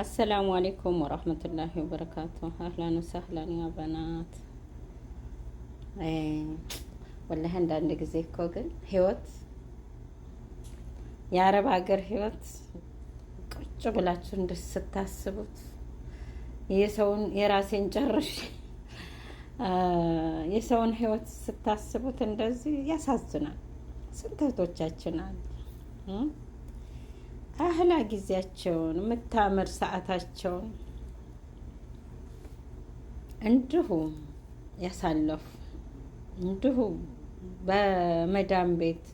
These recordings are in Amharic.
አሰላሙ አሌይኩም ወረህመቱላሂ ወበረካቱ። አህላን ወሰህላን ያ በናት። ወላሂ አንዳንድ ጊዜ እኮ ግን ህይወት የአረብ ሀገር ህይወት ቁጭ ብላችሁ እንደ ስታስቡት የሰውን የራሴን ጨርሼ የሰውን ህይወት ስታስቡት እንደዚህ ያሳዝናል። ስንት እህቶቻችን አሉ አህላ ጊዜያቸውን የምታምር ሰዓታቸውን እንዲሁ ያሳለፉ እንዲሁ በመዳም ቤት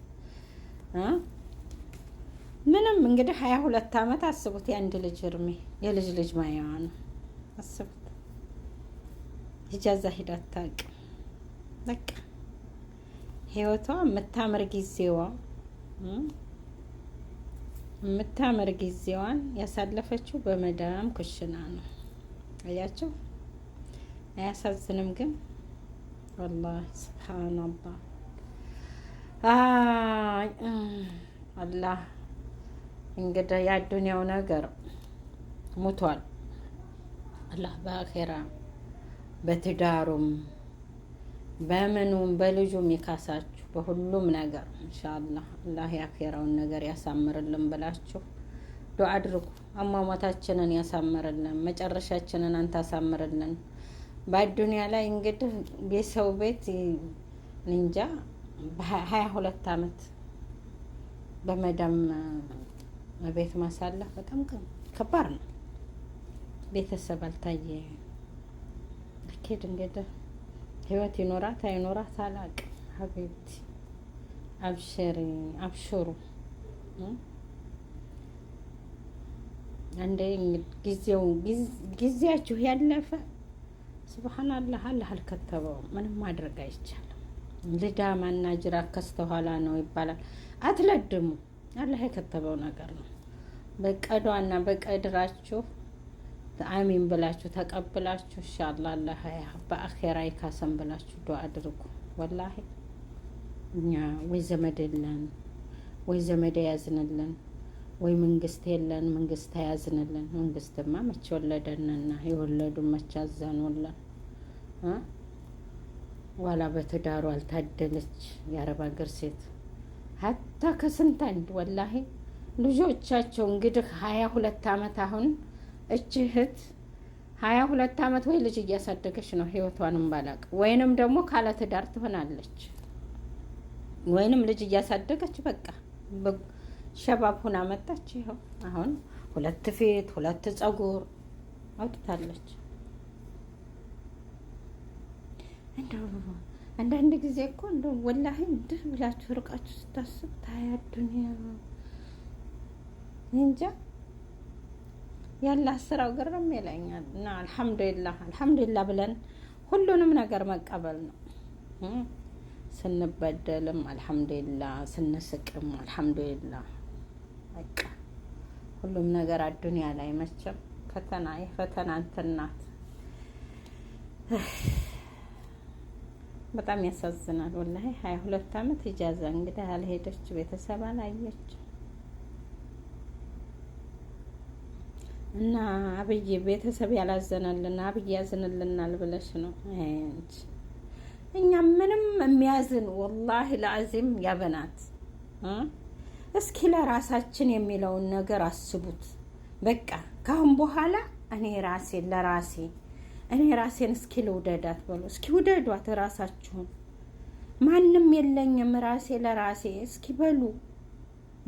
ምንም እንግዲህ ሀያ ሁለት አመት አስቡት። የአንድ ልጅ እርሜ የልጅ ልጅ ማየዋ ነው። አስቡት ሂጃዛ ሂድ አታውቅም። በቃ ህይወቷ የምታምር ጊዜዋ የምታምር ጊዜዋን ያሳለፈችው በመዳም ኩሽና ነው። አያቸው አያሳዝንም? ግን ወላሂ ስብሓንላህ አላህ እንግዲህ የአዱንያው ነገር ሙቷል። አላህ በአኼራ በትዳሩም በምኑም በልጁም ይካሳችሁ። በሁሉም ነገር ኢንሻአላህ አላህ ያኼራውን ነገር ያሳምርልን ብላችሁ ዱዓ አድርጉ። አሟሟታችንን ያሳምርልን፣ መጨረሻችንን አንተ አሳምርልን። በአዱኒያ ላይ እንግዲህ የሰው ቤት እንጃ በሀያ ሁለት አመት በመዳም ቤት ማሳለፍ በጣም ከባድ ነው። ቤተሰብ አልታየ ልኬድ እንግዲህ ህይወት ይኖራት አይኖራት አላቅ ሀቢብቲ አብሽሪ አብሽሩ አንዴ ጊዜው ጊዜያችሁ ያለፈ ስብሓንላህ አላህ አልከተበው ምንም ማድረግ አይቻልም። ልዳማና ጅራት ከስተኋላ ነው ይባላል። አትለድሙ፣ አላህ የከተበው ነገር ነው። በቀዷና በቀድራችሁ አሚን ብላችሁ ተቀብላችሁ ኢንሻአላህ አላህ በአኼራ ይካሰን ብላችሁ ዱአ አድርጉ ወላሂ እኛ ወይ ዘመድ የለን ወይ ዘመድ ያዝንልን ወይ መንግስት የለን መንግስት አያዝንልን። መንግስትማ መቼ ወለደንና የወለዱ መቼ አዘኑልን። ዋላ በትዳሩ አልታደለች የአረብ ሀገር ሴት ሀታ ከስንት አንድ ወላሂ ልጆቻቸው እንግዲህ ሀያ ሁለት አመት አሁን እች እህት ሀያ ሁለት አመት ወይ ልጅ እያሳደገች ነው ህይወቷንም ባላቅ ወይንም ደግሞ ካለ ትዳር ትሆናለች። ወይንም ልጅ እያሳደገች በቃ ሸባብ ሁና መጣች። ይኸው አሁን ሁለት ፊት ሁለት ጸጉር አውጥታለች። እንደው አንዳንድ ጊዜ እኮ እንደው ወላሂ እንድህ ብላችሁ ርቃችሁ ስታስብ ታያ ዱኒያ እንጃ ያለ ስራው ግርም ይለኛል። እና አልሐምዱሊላህ አልሐምዱሊላህ ብለን ሁሉንም ነገር መቀበል ነው። ስንበደልም አልሐምዱሊላ፣ ስንስቅም አልሐምዱሊላ። በቃ ሁሉም ነገር አዱንያ ላይ መቼም ፈተና የፈተና እንትን ናት። በጣም ያሳዝናል ወላሂ። ሀያ ሁለት አመት እጃዛ እንግዲህ አልሄደች፣ ቤተሰብ አላየች እና አብይ ቤተሰብ ያላዘነልን አብይ ያዝንልናል ብለሽ ነው እንጂ እኛ ምንም የሚያዝን ወላሂ ለአዚም ያበናት እስኪ ለራሳችን የሚለውን ነገር አስቡት። በቃ ካሁን በኋላ እኔ ራሴ ለራሴ እኔ ራሴን እስኪ ልውደዳት በሉ። እስኪ ውደዷት ራሳችሁን። ማንም የለኝም ራሴ ለራሴ እስኪ በሉ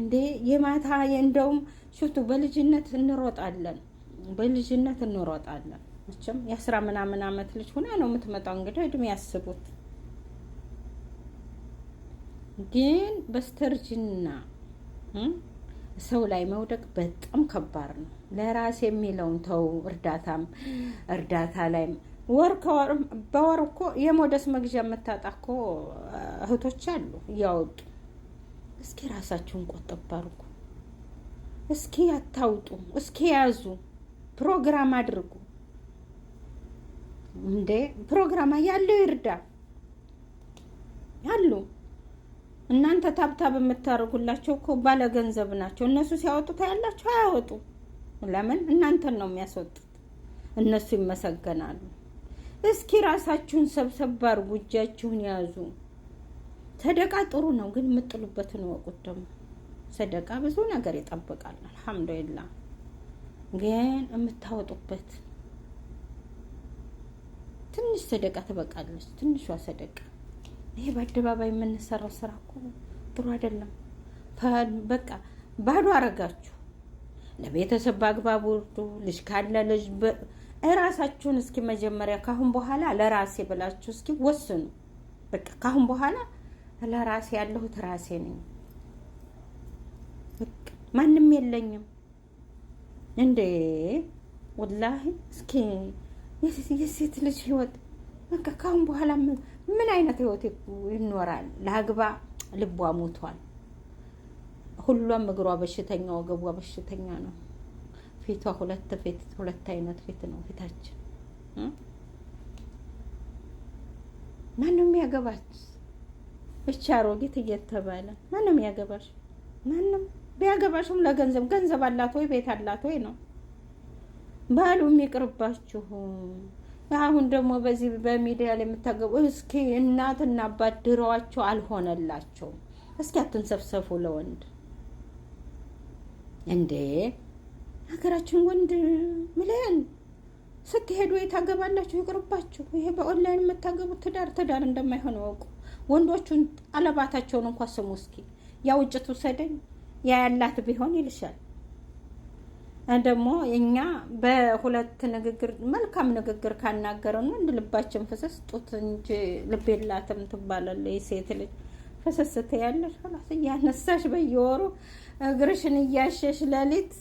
እንዴ የማታ እንደውም ሽቱ በልጅነት እንሮጣለን፣ በልጅነት እንሮጣለን። መቼም የአስራ ምናምን አመት ልጅ ሆና ነው የምትመጣው። እንግዲህ እድሜ ያስቡት። ግን በስተርጅና ሰው ላይ መውደቅ በጣም ከባድ ነው። ለራስ የሚለውን ተው። እርዳታም እርዳታ ላይም ወር ከወር በወር እኮ የሞደስ መግዣ የምታጣ እኮ እህቶች አሉ እያወጡ። እስኪ ራሳችሁን ቆጠብ አድርጉ። እስኪ አታውጡ፣ እስኪ ያዙ፣ ፕሮግራም አድርጉ። እንዴ ፕሮግራም ያለው ይርዳ አሉ። እናንተ ታብታብ የምታደርጉላቸው እኮ ባለ ገንዘብ ናቸው። እነሱ ሲያወጡ ታያላችሁ። አያወጡ። ለምን እናንተን ነው የሚያስወጡት። እነሱ ይመሰገናሉ። እስኪ ራሳችሁን ሰብሰብ አድርጉ፣ እጃችሁን ያዙ። ሰደቃ ጥሩ ነው፣ ግን የምጥሉበትን ወቁት። ደግሞ ሰደቃ ብዙ ነገር ይጠብቃል። አልሐምዱሊላህ ግን የምታወጡበት ትንሽ ሰደቃ ትበቃለች፣ ትንሿ ሰደቃ። ይሄ በአደባባይ የምንሰራው ስራ እኮ ጥሩ አይደለም። በቃ ባዶ አረጋችሁ። ለቤተሰብ በአግባብ ወርዱ። ልጅ ካለ ልጅ እራሳችሁን እስኪ መጀመሪያ ካሁን በኋላ ለራሴ ብላችሁ እስኪ ወስኑ። በቃ ካሁን በኋላ ለራሴ ያለሁት ራሴ ነኝ፣ ማንም የለኝም እንዴ ወላሂ እስኪ የሴት ልጅ ህይወት በቃ ካሁን በኋላ ምን አይነት ህይወት ይኖራል? ለአግባ ልቧ ሞቷል። ሁሏም እግሯ በሽተኛ፣ ወገቧ በሽተኛ ነው። ፊቷ ሁለት ፊት ሁለት አይነት ፊት ነው ፊታችን። ማንም የሚያገባች? ብቻ አሮጊት እየተባለ ማንም ያገባሽ ማንም ቢያገባሽም ለገንዘብ ገንዘብ አላት ወይ ቤት አላት ወይ ነው ባሉም ይቅርባችሁ። አሁን ደግሞ በዚህ በሚዲያ ላይ የምታገቡ እስኪ እናትና አባት ድረዋቸው አልሆነላቸው እስኪ አትንሰፍሰፉ ለወንድ እንዴ ሀገራችን ወንድ ምለን ስትሄዱ የታገባላችሁ ይቅርባችሁ። ይሄ በኦንላይን የምታገቡት ትዳር ትዳር እንደማይሆን ወቁ። ወንዶቹን አለባታቸውን እንኳ ስሙ እስኪ። ያ ውጭት ውሰደኝ ያ ያላት ቢሆን ይልሻል። ደግሞ እኛ በሁለት ንግግር መልካም ንግግር ካናገረን እንድ ልባችን ፍሰስ ጡት እንጂ ልብ የላትም ትባላለች ሴት ልጅ። ፍሰስ ስትያለሽ ላስ እያነሳሽ በየወሩ እግርሽን እያሸሽ ሌሊት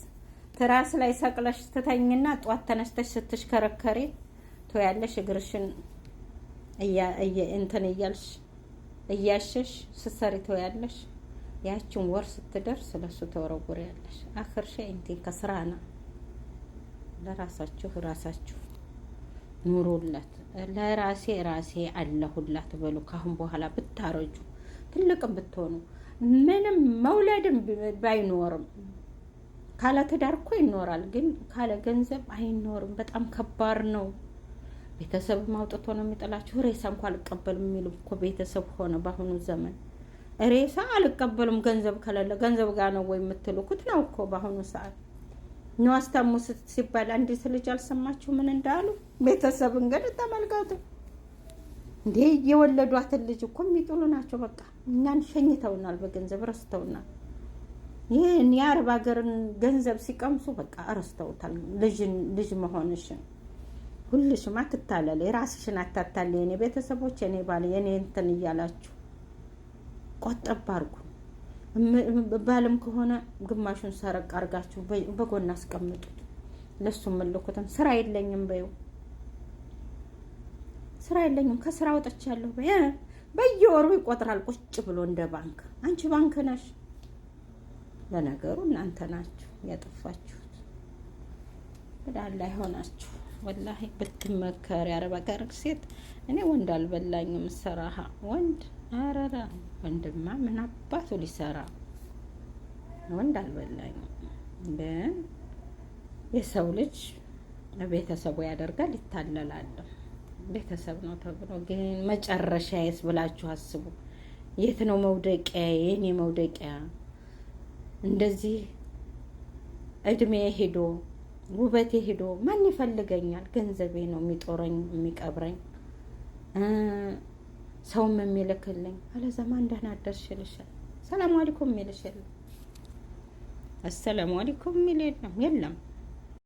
ትራስ ላይ ሰቅለሽ ትተኝና ጧት ተነስተሽ ስትሽከረከሪ ትያለሽ እግርሽን እንትን እያልሽ እያሸሽ ስትሰሪ ትያለሽ። ያችን ወር ስትደርስ ለሱ ተወረውሪያለሽ። አክር ሸእንቲ ከስራና ለራሳችሁ ራሳችሁ ኑሩለት። ለራሴ ራሴ አለሁላት በሉ። ካሁን በኋላ ብታረጁ ትልቅም ብትሆኑ ምንም መውለድም ባይኖርም ካለ ትዳር እኮ ይኖራል፣ ግን ካለ ገንዘብ አይኖርም። በጣም ከባድ ነው። ቤተሰብ አውጥቶ ነው የሚጥላችሁ። ሬሳ እንኳ አልቀበልም የሚሉ እኮ ቤተሰብ ሆነ በአሁኑ ዘመን ሬሳ አልቀበሉም። ገንዘብ ከሌለ ገንዘብ ጋር ነው ወይ የምትልኩት? ነው እኮ በአሁኑ ሰዓት ነው። አስታሙ ሲባል አንዲት ልጅ አልሰማችሁ ምን እንዳሉ? ቤተሰብ እንግዲህ ተመልከቱ እንዴ! የወለዷትን ልጅ እኮ የሚጥሉ ናቸው። በቃ እኛን ሸኝተውናል፣ በገንዘብ ረስተውናል። ይህን የአረብ ሀገርን ገንዘብ ሲቀምሱ በቃ ረስተውታል። ልጅ መሆንሽን ሁልሽም አትታለል፣ የራስሽን አታታል። የኔ ቤተሰቦች፣ የኔ ባል፣ የኔ እንትን እያላችሁ ቆጠብ አርጉ ባልም ከሆነ ግማሹን ሰረቅ አርጋችሁ በጎን አስቀምጡት። ለሱ የምልኩትም ስራ የለኝም በይው፣ ስራ የለኝም ከስራ ወጥቻለሁ በይ። በየወሩ ይቆጥራል ቁጭ ብሎ እንደ ባንክ። አንቺ ባንክ ነሽ። ለነገሩ እናንተ ናችሁ ያጠፋችሁት። ወዳላ ሆናችሁ ወላሂ ብትመከር ያረባ ጋር ሴት እኔ ወንድ አልበላኝም። ሰራሃ ወንድ አረረ ወንድማ ምን አባቱ ሊሰራ ወንድ አልበላኝ። ግን የሰው ልጅ ቤተሰቡ ያደርጋል፣ ይታለላል። ቤተሰብ ነው ተብሎ ግን መጨረሻ የስ ብላችሁ አስቡ። የት ነው መውደቂያ? የኔ መውደቂያ እንደዚህ እድሜ ሄዶ ውበቴ ሄዶ ማን ይፈልገኛል? ገንዘቤ ነው የሚጦረኝ የሚቀብረኝ። ሰውም የሚልክልኝ አለዛማ እንደህና አደርሽ ይልሻል። ሰላም አለይኩም የሚልሽ የለም። አሰላሙ አለይኩም የሚል የለም የለም